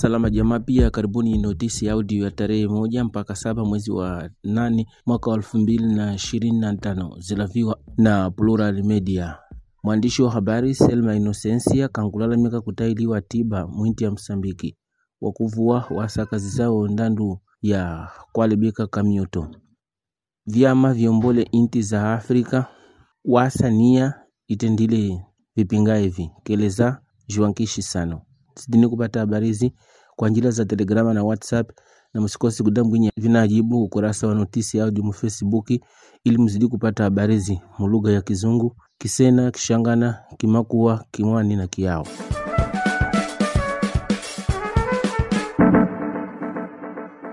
Salama Jamaa pia karibuni notisi ya audio ya tarehe moja mpaka saba mwezi wa nane mwaka wa elfu mbili na ishirini na tano zilaviwa na Plural Media. Mwandishi wa habari Selma Inosensia kankulalamika kutailiwa tiba mwinti ya Msambiki, wakuvua wasa kazi zao ndandu ya kwalibika kamioto vyama vyombole inti za Afrika wasania itendile vipinga hivi keleza juankishi sano Sidini kupata habari hizi kwa njia za Telegram na WhatsApp, na msikosi kudamu kwenye vinajibu ukurasa wa notisi au jumu Facebook, ili mzidi kupata habari hizi mu lugha ya Kizungu, Kisena, Kishangana, Kimakua, Kimwani na Kiao.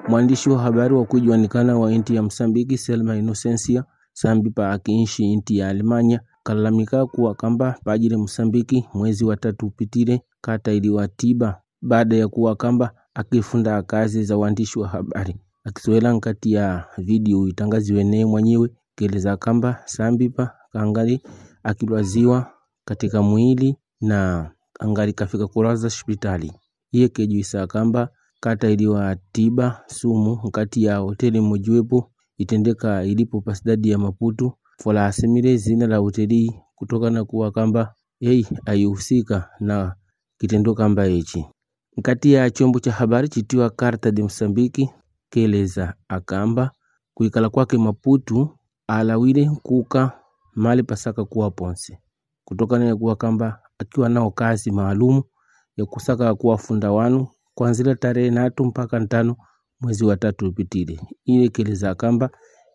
Mwandishi wa habari wa kujuanikana wa inti ya Msambiki Selma Innocencia Sambi pa akiishi inti ya Alemanya kalalamika kuwa kamba paajili Msambiki mwezi wa tatu upitile iliwa tiba baada ya kuwa kamba akifunda kazi za uandishi wa habari akisoela nkati ya video itangazi naye mwenyewe keleza kamba sambipa kangali akilwaziwa katika mwili na angali kafika kulaza hospitali iye kejuisa kamba katahiriwa tiba sumu nkati ya hoteli mojiwepo itendeka ilipo pasidadi ya Maputu fola asimile zina la hoteli kutokana kuwa kamba hey, aihusika na Kitendo kamba ichi nkati ya chombo cha habari chitiwa Carta de Msambiki keleza akamba kuikala kwake Maputu alawile kuka mali pasaka kuwa ponse kutokana na kuwa kamba akiwa nao kazi maalumu ya kusaka kuwafunda wanu kuanzia tarehe natu mpaka ntano mwezi wa tatu upitile ile keleza akamba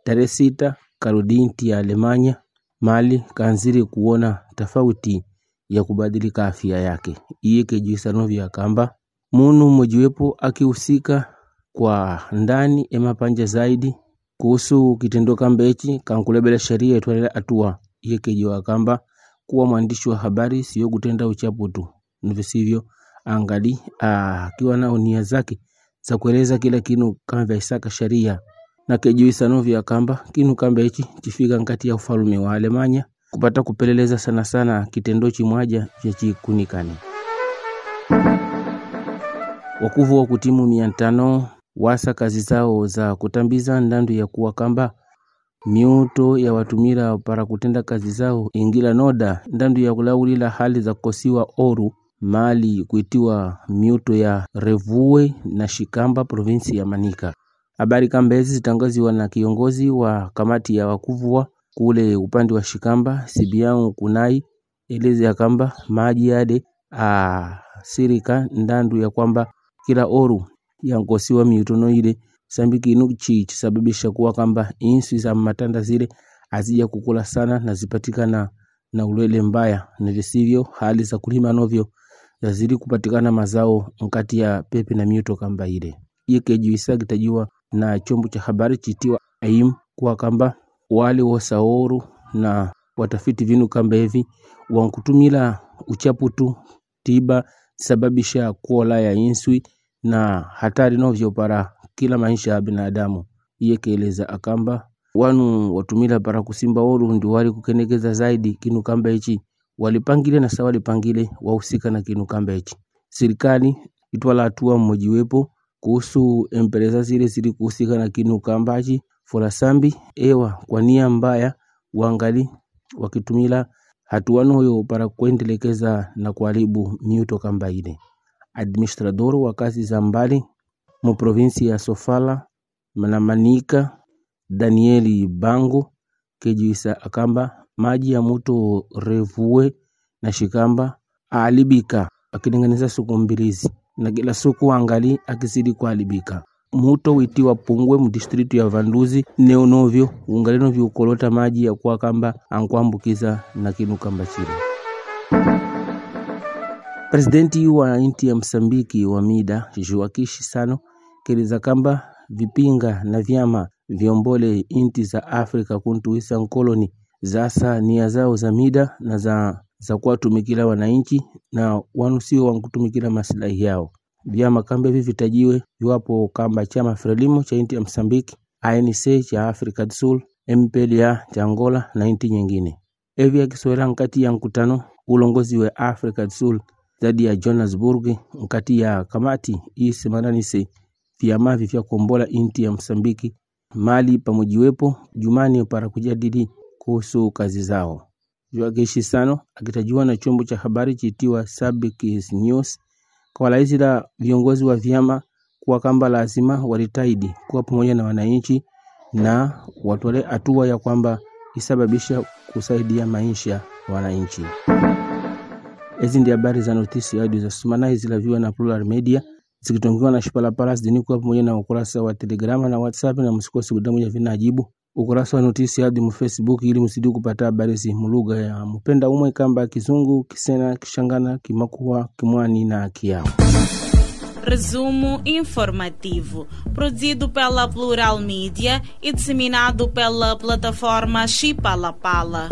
tarehe sita karudi nti ya Alemanya mali kaanzire kuona tofauti ya kubadilika afya yake iye vya kamba munu mmojiwepo akihusika kwa ndani emapanja zaidi kuhusu kitendo kamba echi kankulebela sheria itwalela atua iye kejiwa kamba kuwa mwandishi wa habari sio kutenda uchapo tu nivisivyo angali akiwa na nia zake za kueleza kila kinu kama isaka sheria na kejuisano vya kamba kinu kamba echi chifika nkati ya ufalume wa Alemanya kupata kupeleleza sana sana kitendo chimwaja chikunikani wakuvu wa kutimu mia tano wasa kazi zao za kutambiza ndandu ya kuwa kamba miuto ya watumira para kutenda kazi zao ingila noda ndandu ya kulaulila hali za kukosiwa oru mali kuitiwa miuto ya revue na shikamba provinsi ya manika habari kamba zitangaziwa na kiongozi wa kamati ya wakuvua kule upande wa Shikamba yangu kunai elezi ya kamba maji a asirika ndandu ya kwamba kila oru yankosiwa miutono ile sambikinu chichisababisha kuwa kamba insi za matanda zile azija kukula sana na zipatikana na ulele mbaya, na visivyo hali za kulima novyo zazidi kupatikana mazao mkati ya pepe na miuto kamba ile ikejuisa kitajua na chombo cha habari chitiwa aim kuwa kamba wali saoru na watafiti vinu kamba hivi wankutumila uchapu tu tiba sababisha kuola ya inswi na hatari novyo para kila maisha ya binadamu yekeleza akamba wanu watumila para kusimba oru ndi wali kukenekeza zaidi kinu kamba hichi walipangile na sa walipangile wahusika na kinu kamba hichi serikali itwala hatua mmojiwepo kuhusu empresa zile zili kuhusika na kinu kambachi folasambi ewa kwa nia mbaya wangali wakitumila hatuwanoyo para kuendelekeza na kuharibu miuto kamba ile. Administrador wa kazi za mbali mu provinsi ya Sofala Manika Danieli Bangu kejiwisa akamba maji ya muto Revue na shikamba aalibika akilinganiza suku mbilizi na kila suku angali akizidi kualibika muto witiwa pungwe mu ya vanduzi neo novyo ungaleno maji ya yakuwa kamba ankuambukiza na kinu kamba chiro presidenti wa inti ya msambiki wa mida joakishi sano keleza kamba vipinga na vyama vyombole inti za afrika kuntuwisa nkoloni zasa nia zao za mida na za za kuwatumikila wananchi na wanusiwo wankutumikila masilahi yao vyama kambi hivi vitajiwe iwapo kamba chama Frelimo cha inti ya Msambiki, ANC cha Afrika du Sul, MPLA cha Angola na inti nyingine. Evi yakisoela nkati ya mkutano ulongozi wa Afrika du Sul dhadi ya Johannesburg nkati ya kamati isimananise vyama vya kombola inti ya Msambiki mali pamojiwepo jumani para kujadili kuhusu kazi zao. sano akitajiwa na chombo cha habari chitiwa Sabik News rais la viongozi wa vyama kuwa kamba lazima walitaidi kuwa pamoja na wananchi na watole hatua ya kwamba isababisha kusaidia maisha ya wananchi. Hizi ndio habari za Notisi Audio za Sumana, zilaviwa na Plural Media zikitongiwa na Shipala Palace Dini kuwa pamoja na ukurasa wa Telegram na WhatsApp, na msikosi kudamu ya vinajibu ukurasa wa notisi Hadimu Facebook ili msidi kupata habari zi mulugha ya mupenda umwe kamba Kizungu, Kisena, Kishangana, Kimakua, Kimwani na Kiao. Resumo informativo, produzido pela Plural Media e disseminado pela plataforma Chipalapala.